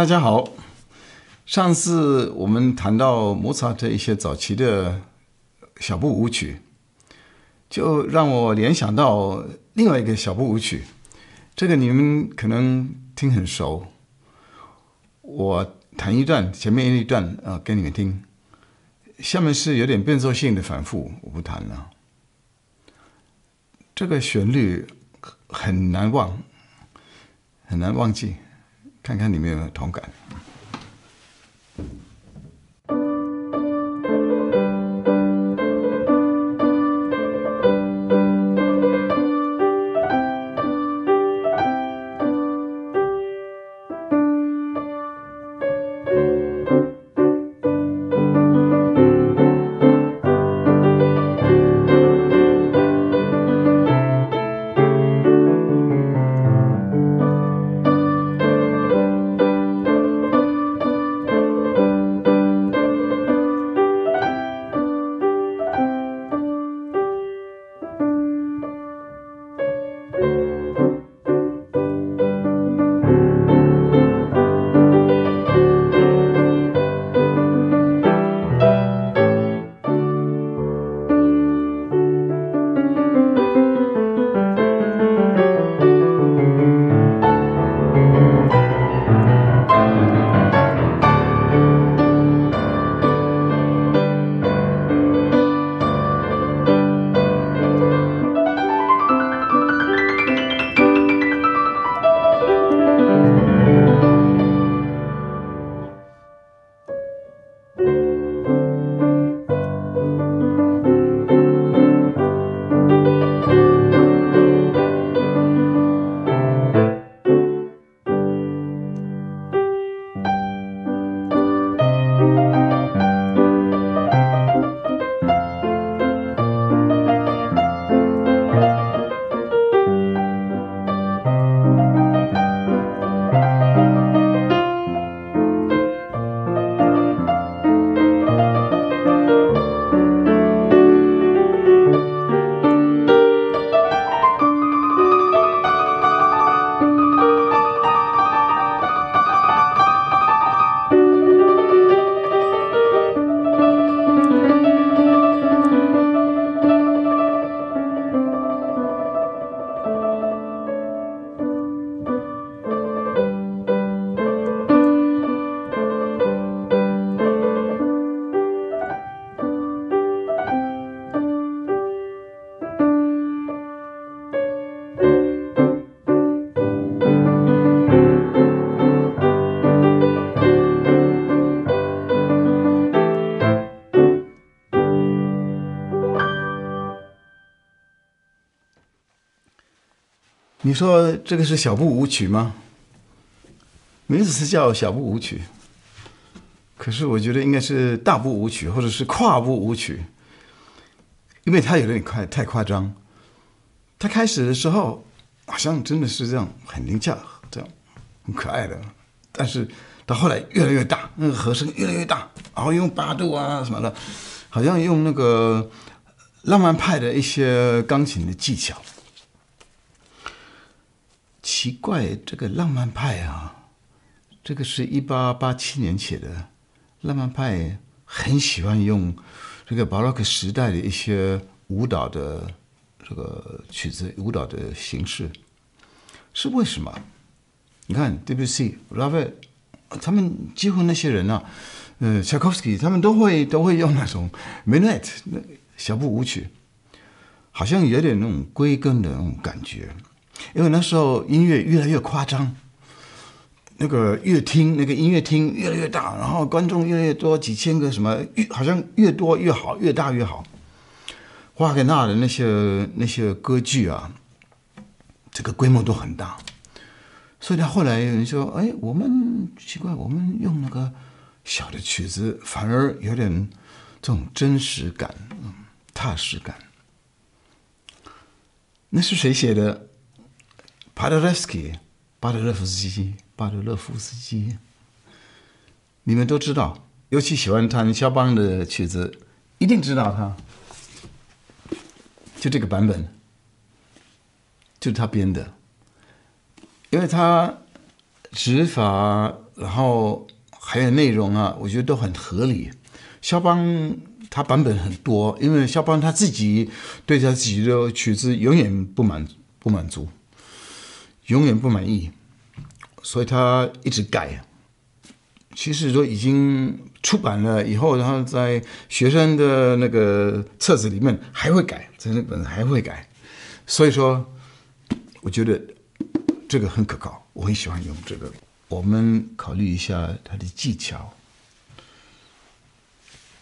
大家好，上次我們談到莫札特一些早期的小步舞曲，就讓我聯想到另外一個小步舞曲，這個你們可能聽很熟。我彈一段，前面一段啊，給你們聽。下面是有點變奏性的反復，我不彈了。這個旋律很難忘，很難忘記。看看你們有沒有同感。你說這個是小步舞曲嗎？名字是叫小步舞曲，可是我覺得應該是大步舞曲或者是跨步舞曲，因為它有點快，太誇張。它開始的時候好像真的是這樣，很靈巧，這樣很可愛的，但是到後來越來越大，那個和聲越來越大，然後用八度啊什麼的，好像用那個浪漫派的一些鋼琴的技巧。奇怪，這個浪漫派啊，這個是一八八七年寫的。浪漫派很喜歡用這個巴洛克時代的一些舞蹈的這個曲子、舞蹈的形式，是為什麼？你看，德布西、拉威爾他們幾乎那些人啊，嗯，柴可夫斯基他們都會都會用那種 minuet 小步舞曲，好像有點那種歸根的那種感覺。因為那時候音樂越來越誇張，那個樂廳那個音樂廳越來越大，然後觀眾越來越多，幾千個什麼越好像越多越好，越大越好。瓦格納的那些那些歌劇啊，這個規模都很大，所以他後來有人說：“哎，我們奇怪，我們用那個小的曲子反而有點這種真實感、踏實感。”那是誰寫的？帕德雷斯基，帕德雷夫斯基，帕德雷夫斯基，你們都知道，尤其喜歡彈肖邦的曲子，一定知道他，就這個版本，就是他編的，因為他指法，然後還有內容啊，我覺得都很合理。肖邦他版本很多，因為肖邦他自己對他自己的曲子永遠不滿不滿足。永遠不滿意，所以他一直改。其實都已經出版了以後，然後在學生的那個冊子裡面還會改，在那本還會改。所以說，我覺得這個很可靠，我很喜歡用這個。我們考慮一下他的技巧，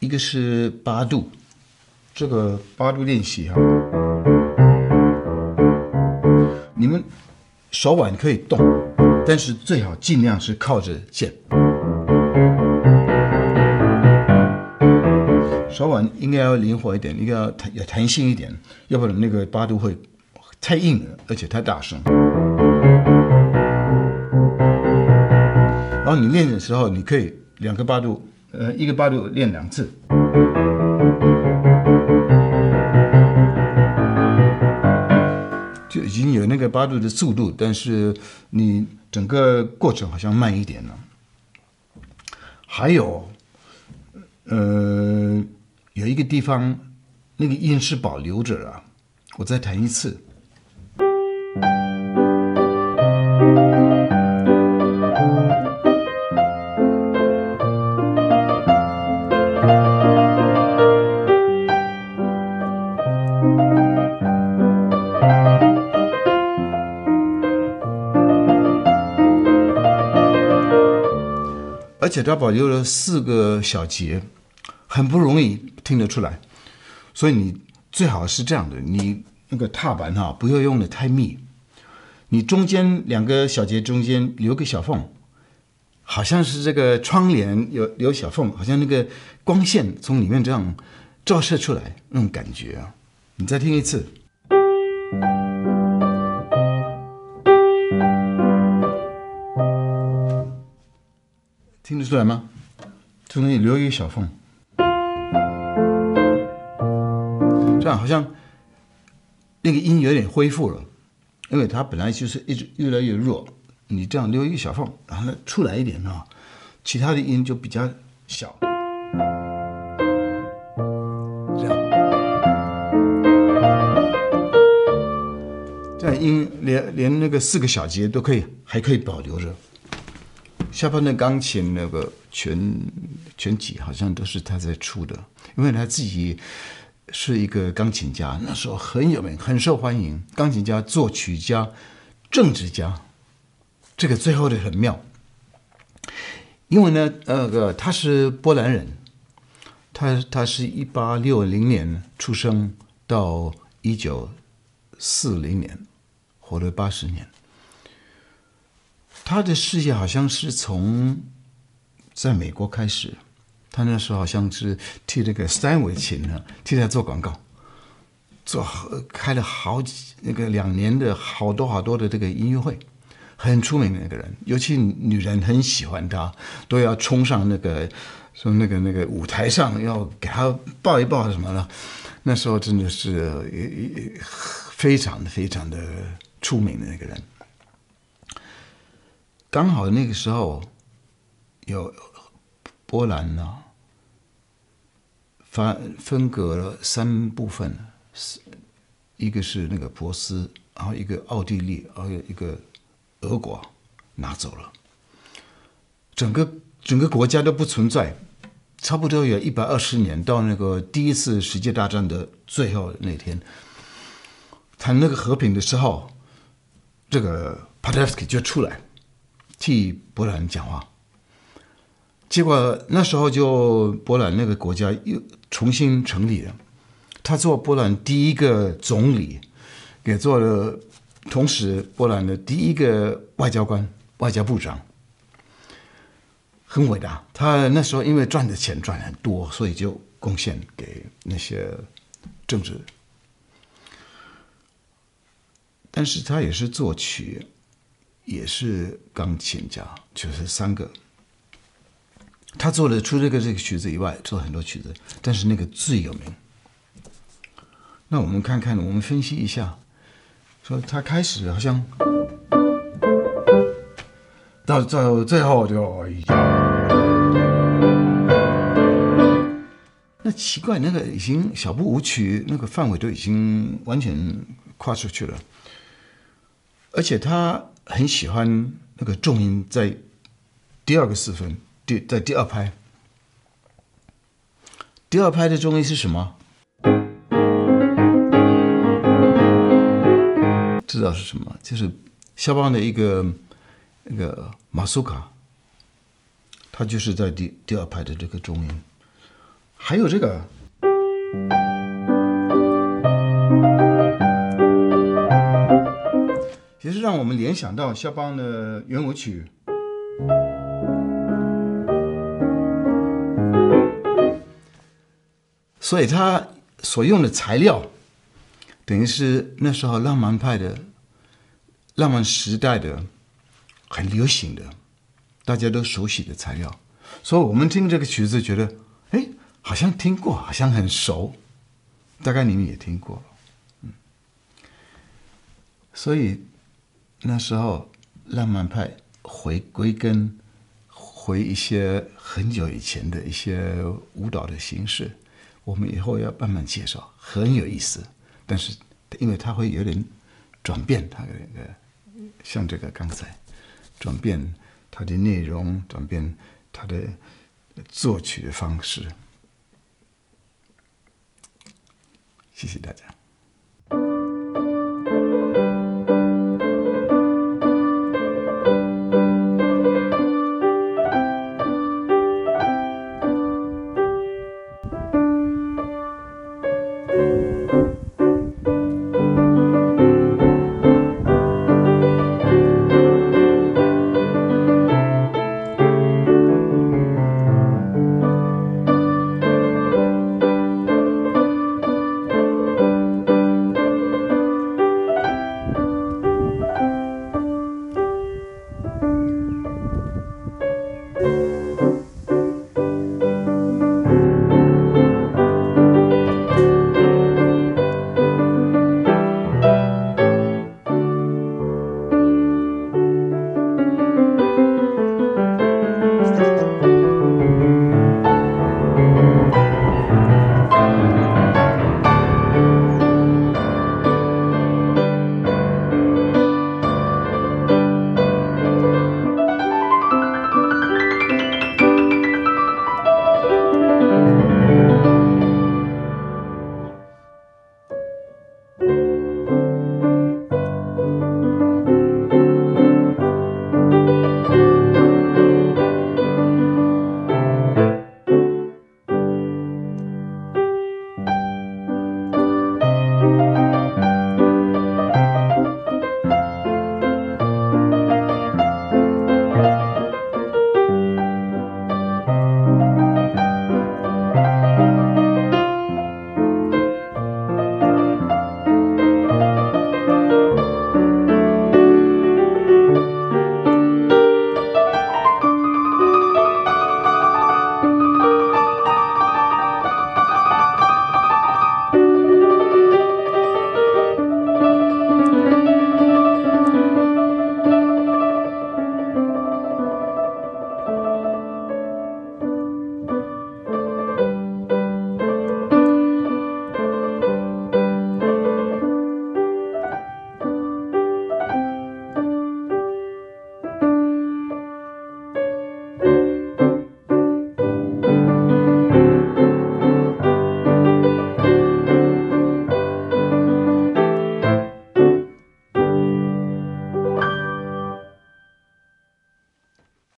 一個是八度，這個八度練習哈、啊。手腕可以動，但是最好盡量是靠着鍵。手腕應該要靈活一點，應該要彈要彈性一點，要不然那個八度會太硬了，而且太大聲。然後你練的時候，你可以兩個八度，呃，一個八度練兩次。已經有那個八度的速度，但是你整個過程好像慢一點了。還有，呃，有一個地方，那個音是保留着了，我再彈一次。小跳保留了四個小節，很不容易聽得出來，所以你最好是這樣的，你那個踏板哈、哦，不要用得太密，你中間兩個小節中間留個小縫，好像是這個窗簾有留小縫，好像那個光線從裡面這樣照射出來那種、個、感覺啊，你再聽一次。聽得出來嗎？就那裡留一個小縫，這樣好像那個音有點恢復了，因為它本來就是一直越來越弱。你這樣留一個小縫，然後出來一點啊，哦，其他的音就比較小。這樣，這樣音連連那個四個小節都可以，還可以保留着。蕭邦的鋼琴那個全全集，好像都是他在出的。因為他自己是一個鋼琴家，那時候很有名，很受歡迎，鋼琴家、作曲家、政治家。這個最後的很妙，因為呢，那個、呃、他是波蘭人，他他是一八六零年出生到一九四零年，活了八十年。他的事業好像是從在美國開始，他那時候好像是替這個斯坦威琴呢，替他做廣告，做好開了好幾那個兩年的好多好多的這個音樂會，很出名的那個人，尤其女人很喜歡他，都要衝上那個說那個那個舞台上要給他抱一抱什麼的，那時候真的是也也非常非常的出名的那個人。剛好那個時候，有波蘭呢，分分隔了三部分，一個是那個波斯，然後一個奧地利，然後一個俄國拿走了，整個整個國家都不存在，差不多有一百二十年，到那個第一次世界大戰的最後那天談那個和平的時候，這個帕德雷夫斯基就出來。替波蘭講話，結果那時候就波蘭那個國家又重新成立了，他做波蘭第一個總理，也做了同時波蘭的第一個外交官、外交部長，很偉大。他那時候因為賺的錢賺很多，所以就貢獻給那些政治，但是他也是作曲。也是鋼琴家，就是三個。他做了除這個這個曲子以外，做了很多曲子，但是那個最有名。那我們看看，我們分析一下，說他開始好像到最最後就，那奇怪，那個已經小步舞曲那個範圍都已經完全跨出去了，而且他。很喜歡那個重音在第二個四分，第在第二拍，第二拍的重音是什麼？嗯、知道是什麼？就是肖邦的一個那個馬祖卡，它就是在第第二拍的這個重音，還有這個。嗯讓我們聯想到肖邦的圓舞曲，所以他所用的材料，等於是那時候浪漫派的、浪漫時代的、很流行的、大家都熟悉的材料。所以我們聽這個曲子，覺得哎，好像聽過，好像很熟，大概你們也聽過，嗯。所以。那時候，浪漫派，回歸跟回一些很久以前的一些舞蹈的形式，我們以後要慢慢介紹，很有意思。但是，因為它會有點轉變，它的那個像這個剛才轉變它的內容，轉變它的作曲的方式。謝謝大家。